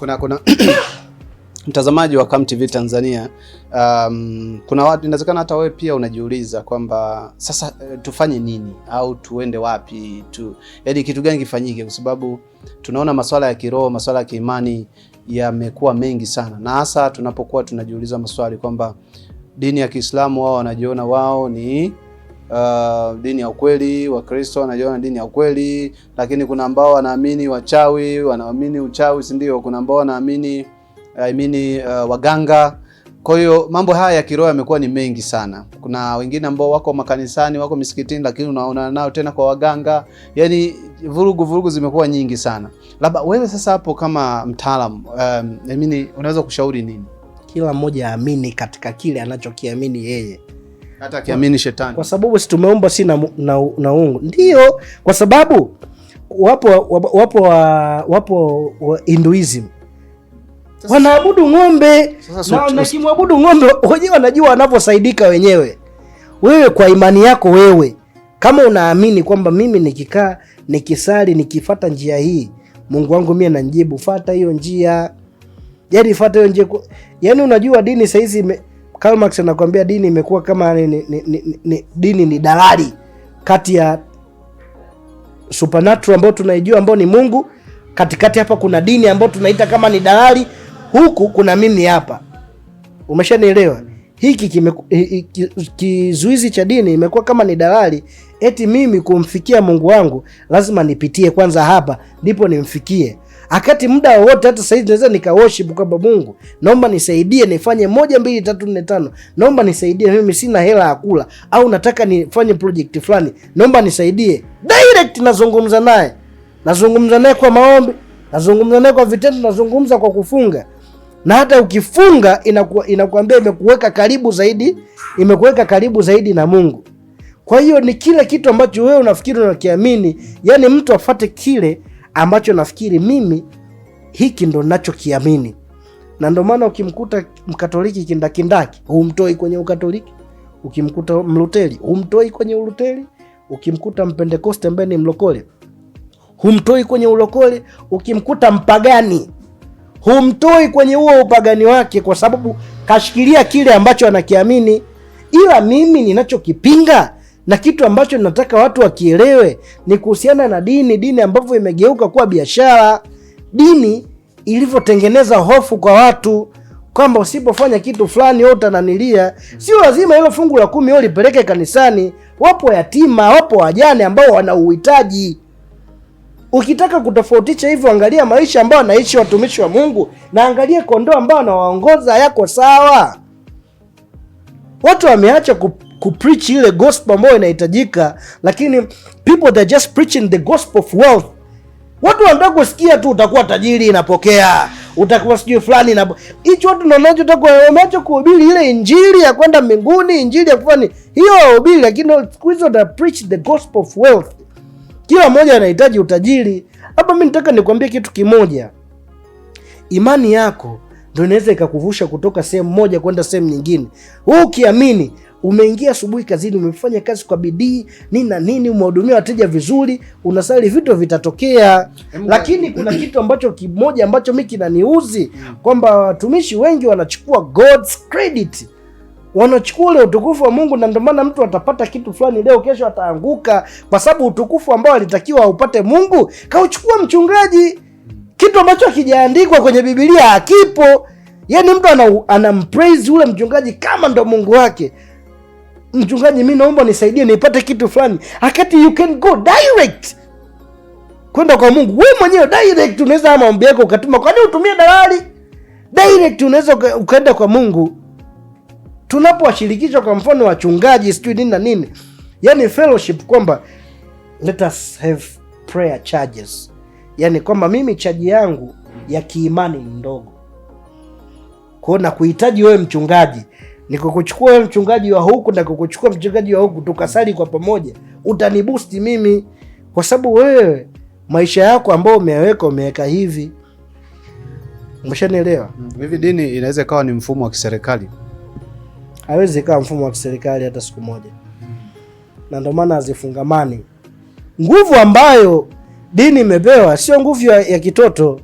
kuna, kuna mtazamaji wa Come TV Tanzania, um, kuna watu inawezekana hata wewe pia unajiuliza kwamba sasa eh, tufanye nini au tuende wapi tu, yaani kitu gani kifanyike, kwa sababu tunaona masuala ya kiroho, masuala ya kiimani yamekuwa mengi sana, na hasa tunapokuwa tunajiuliza maswali kwamba dini ya Kiislamu wao wanajiona wao ni uh, dini ya ukweli. Wakristo wanajiona dini ya ukweli, lakini kuna ambao wanaamini wachawi, wanaamini uchawi, si ndio? Kuna ambao wanaamini I mean, uh, waganga. Kwa hiyo mambo haya ya kiroho yamekuwa ni mengi sana. Kuna wengine ambao wako makanisani, wako misikitini, lakini unaona nao tena kwa waganga. Yaani vurugu vurugu zimekuwa nyingi sana. Labda wewe sasa hapo kama mtaalamu um, I mean, unaweza kushauri nini? Kila mmoja aamini katika kile anachokiamini yeye hata akiamini shetani, kwa sababu si tumeomba si na, na, na uungu. Ndio, kwa sababu wapo wapo wapo wa Hinduism wanaabudu ng'ombe na nakimwabudu ng'ombe wenyewe, wanajua wanavyosaidika wenyewe. Wewe kwa imani yako wewe, kama unaamini kwamba mimi nikikaa nikisali nikifata njia hii Mungu wangu mie nanjibu, fata hiyo njia, yani fata hiyo njia. Yani unajua dini saizi Karl Marx anakuambia dini imekuwa kama ni, ni, ni, ni, dini ni dalali kati ya supernatural ambayo tunaijua ambayo ni Mungu, katikati hapa kuna dini ambayo tunaita kama ni dalali, huku kuna mimi hapa. Umeshanielewa? Hiki kizuizi cha dini imekuwa kama ni dalali, eti mimi kumfikia Mungu wangu lazima nipitie kwanza hapa ndipo nimfikie akati muda wowote, hata saizi naweza nikaworship baba Mungu, naomba nisaidie nifanye moja mbili tatu nne tano, naomba nisaidie, mimi sina hela ya kula, au nataka nifanye project fulani, naomba nisaidie. Direct nazungumza naye, nazungumza naye kwa maombi, nazungumza naye kwa vitendo, nazungumza kwa kufunga na hata ukifunga inaku, inakuambia imekuweka karibu zaidi, imekuweka karibu zaidi na Mungu. Kwa hiyo ni kile kitu ambacho wewe unafikiri unakiamini, yani mtu afate kile ambacho nafikiri mimi hiki ndo nachokiamini, na ndo maana ukimkuta Mkatoliki kindakindaki humtoi kwenye Ukatoliki, ukimkuta mluteli humtoi kwenye uluteli, ukimkuta mpendekoste ambaye ni mlokole humtoi kwenye ulokole, ukimkuta mpagani humtoi kwenye huo upagani wake, kwa sababu kashikilia kile ambacho anakiamini. Ila mimi ninachokipinga na kitu ambacho nataka watu wakielewe ni kuhusiana na dini, dini ambavyo imegeuka kuwa biashara, dini ilivyotengeneza hofu kwa watu kwamba usipofanya kitu fulani wewe utananilia. Sio lazima hilo fungu la kumi wewe lipeleke kanisani. Wapo yatima, wapo wajane ambao wana uhitaji. Ukitaka kutofautisha hivyo, angalia maisha ambayo wanaishi watumishi wa Mungu na angalia kondoo ambao wanawaongoza. Yako sawa? Watu wameacha kupreach ile gospel ambayo inahitajika, lakini people they just preaching the gospel of wealth. Watu wanataka kusikia tu utakuwa tajiri, inapokea utakuwa sijui fulani na hicho watu naonacho takuameacho kuhubiri ile injili ya kwenda mbinguni, injili ya kufani hiyo wahubiri, lakini siku hizo ta preach the gospel of wealth. Kila mmoja anahitaji utajiri. Hapa mimi nataka nikwambie kitu kimoja, imani yako ndio inaweza ikakuvusha kutoka sehemu moja kwenda sehemu nyingine. Wewe ukiamini Umeingia asubuhi kazini, umefanya kazi kwa bidii nini na nini, umehudumia wateja vizuri, unasali, vitu vitatokea. Lakini kuna kitu ambacho kimoja ambacho mi kinaniuzi kwamba watumishi wengi wanachukua God's credit wanachukua ule utukufu wa Mungu, na ndio maana mtu atapata kitu fulani leo, kesho ataanguka, kwa sababu utukufu ambao alitakiwa aupate Mungu kauchukua mchungaji, kitu ambacho hakijaandikwa kwenye Biblia hakipo. Yani mtu anampraise ule mchungaji kama ndo Mungu wake mchungaji, mi naomba nisaidie nipate kitu fulani, akati you can go direct kwenda kwa Mungu wewe mwenyewe direct. Unaweza maombi yako ukatuma, kwani utumie dalali? Direct unaweza ukaenda kwa Mungu. Tunapowashirikisha kwa mfano wachungaji, sijui nini na nini, yani fellowship, kwamba let us have prayer charges, yani kwamba mimi chaji yangu ya kiimani ni ndogo kwao na kuhitaji wewe mchungaji ni kukuchukua mchungaji wa huku na kukuchukua mchungaji wa huku, tukasali kwa pamoja, utanibusti mimi, kwa sababu wewe maisha yako ambayo umeweka umeweka hivi. Umeshanielewa? Mm, hivi dini inaweza ikawa ni mfumo wa kiserikali? Hawezi ikawa mfumo wa kiserikali hata siku moja, na ndio maana hazifungamani. Nguvu ambayo dini imepewa sio nguvu ya, ya kitoto.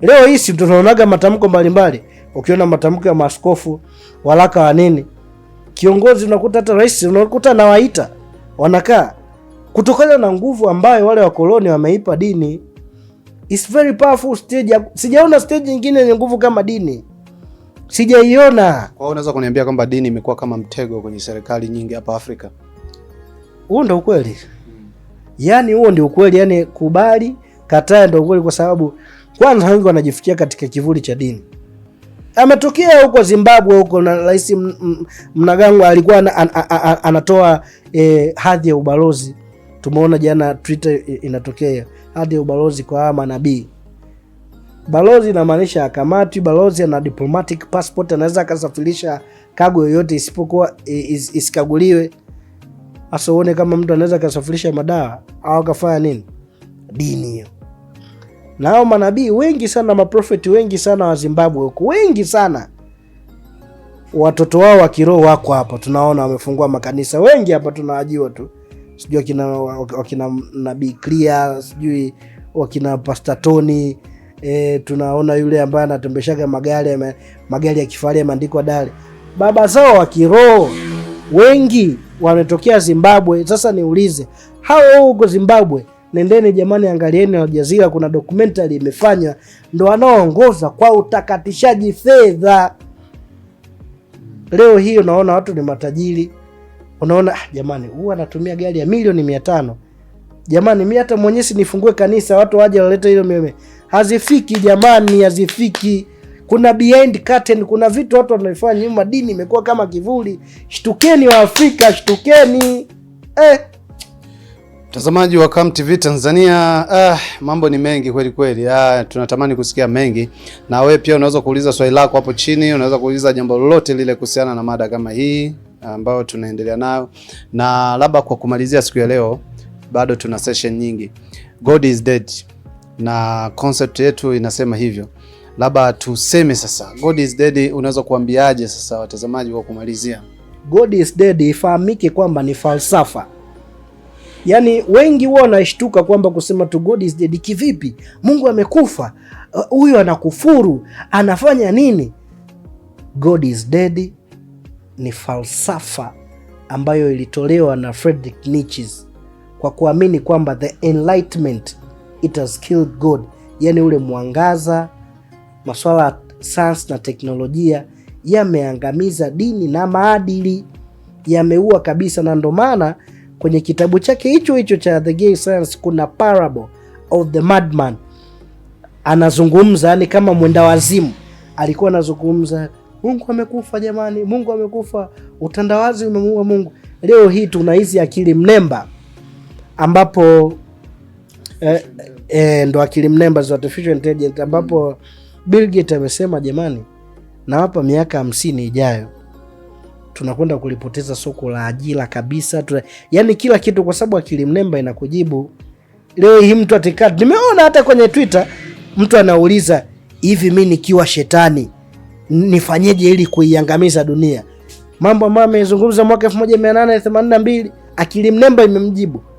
Leo hii si tunaonaga matamko mbalimbali mbali ukiona matamko ya maaskofu walaka wa nini, kiongozi unakuta hata rais unakuta nawaita wanakaa, kutokana na nguvu ambayo wale wakoloni wameipa dini. It's very powerful stage. Sijaona stage nyingine yenye nguvu kama dini, sijaiona. Kwa hiyo unaweza kuniambia kwamba dini imekuwa kama mtego kwenye serikali nyingi hapa Afrika? Huo ndio ukweli, yaani huo ndio ukweli, yaani kubali kataa ndio ukweli, kwa sababu kwanza wengi wanajifikia katika kivuli cha dini ametokea huko Zimbabwe huko, na Rais Mnangagwa alikuwa an, an, an, anatoa e, hadhi ya ubalozi. Tumeona jana Twitter inatokea hadhi ya ubalozi kwa manabii. Balozi inamaanisha akamati, balozi ana diplomatic passport, anaweza akasafirisha kago yoyote isipokuwa is, isikaguliwe. Hasa uone kama mtu anaweza akasafirisha madawa au akafanya nini, dini hiyo na hao manabii wengi sana, maprofeti wengi sana wa Zimbabwe huko wengi sana watoto wao wa kiroho wako hapa, tunaona wamefungua makanisa wengi hapa, tunawajua tu, sijui wakina wakina nabii Clear, sijui wakina Pastor Tony e, tunaona yule ambaye anatembeshaga magari magari ya kifahari yameandikwa Dale. Baba zao wa kiroho wengi wametokea Zimbabwe. Sasa niulize hao huko Zimbabwe Nendeni jamani, angalieni Aljazira, kuna documentary imefanya, ndo wanaoongoza kwa utakatishaji fedha. Leo hii unaona watu ni matajiri, unaona ah, jamani, huwa anatumia gari ya milioni mia tano jamani, mi hata mwenyesi nifungue kanisa watu waje walete hilo meme, hazifiki jamani, hazifiki kuna behind curtain, kuna vitu watu wanaifanya nyuma. Dini imekuwa kama kivuli. Shtukeni Waafrika, shtukeni eh. Mtazamaji wa Come TV Tanzania, ah, mambo ni mengi kweli kweli. Ah, tunatamani kusikia mengi, na wewe pia unaweza kuuliza swali lako hapo chini, unaweza kuuliza jambo lolote lile kuhusiana na mada kama hii eh, ambayo tunaendelea nayo, na labda kwa kumalizia siku ya leo, bado tuna session nyingi. God is dead na concept yetu inasema hivyo, labda tuseme sasa, God is dead unaweza kuambiaje sasa watazamaji wa kumalizia? God is dead ifahamike kwamba ni falsafa yani wengi huwa wanashtuka kwamba kusema to God is dead kivipi? Mungu amekufa, uh, huyu anakufuru, anafanya nini? God is dead ni falsafa ambayo ilitolewa na Friedrich Nietzsche kwa kuamini kwamba the enlightenment it has killed God, yani ule mwangaza, masuala ya sayansi na teknolojia yameangamiza dini na maadili, yameua kabisa, na ndo maana kwenye kitabu chake hicho hicho cha The Gay Science kuna parable of the madman anazungumza, yani kama mwenda wazimu alikuwa anazungumza, Mungu amekufa jamani, Mungu amekufa, utandawazi umemuua Mungu. Leo hii tuna hizi akili mnemba ambapo eh, eh, ndo akili mnemba za artificial intelligence ambapo Bill Gates amesema jamani, na hapa miaka hamsini ijayo tunakwenda kulipoteza soko la ajira kabisa. Tuna, yani kila kitu, kwa sababu akili mnemba inakujibu leo hii. Mtu atika nimeona hata kwenye Twitter mtu anauliza hivi, mi nikiwa shetani nifanyeje ili kuiangamiza dunia? Mambo ambayo amezungumza mwaka 1882 akili mnemba imemjibu.